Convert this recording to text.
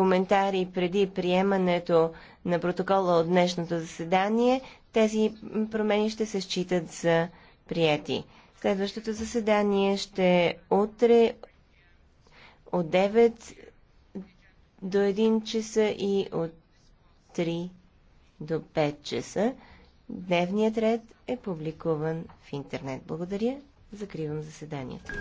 коментари преди приемането на протокола от днешното заседание, тези промени ще се считат за прияти. Следващото заседание ще е утре от 9 до 1 часа и от 3 до 5 часа. Дневният ред е публикуван в интернет. Благодаря. Закривам заседанието.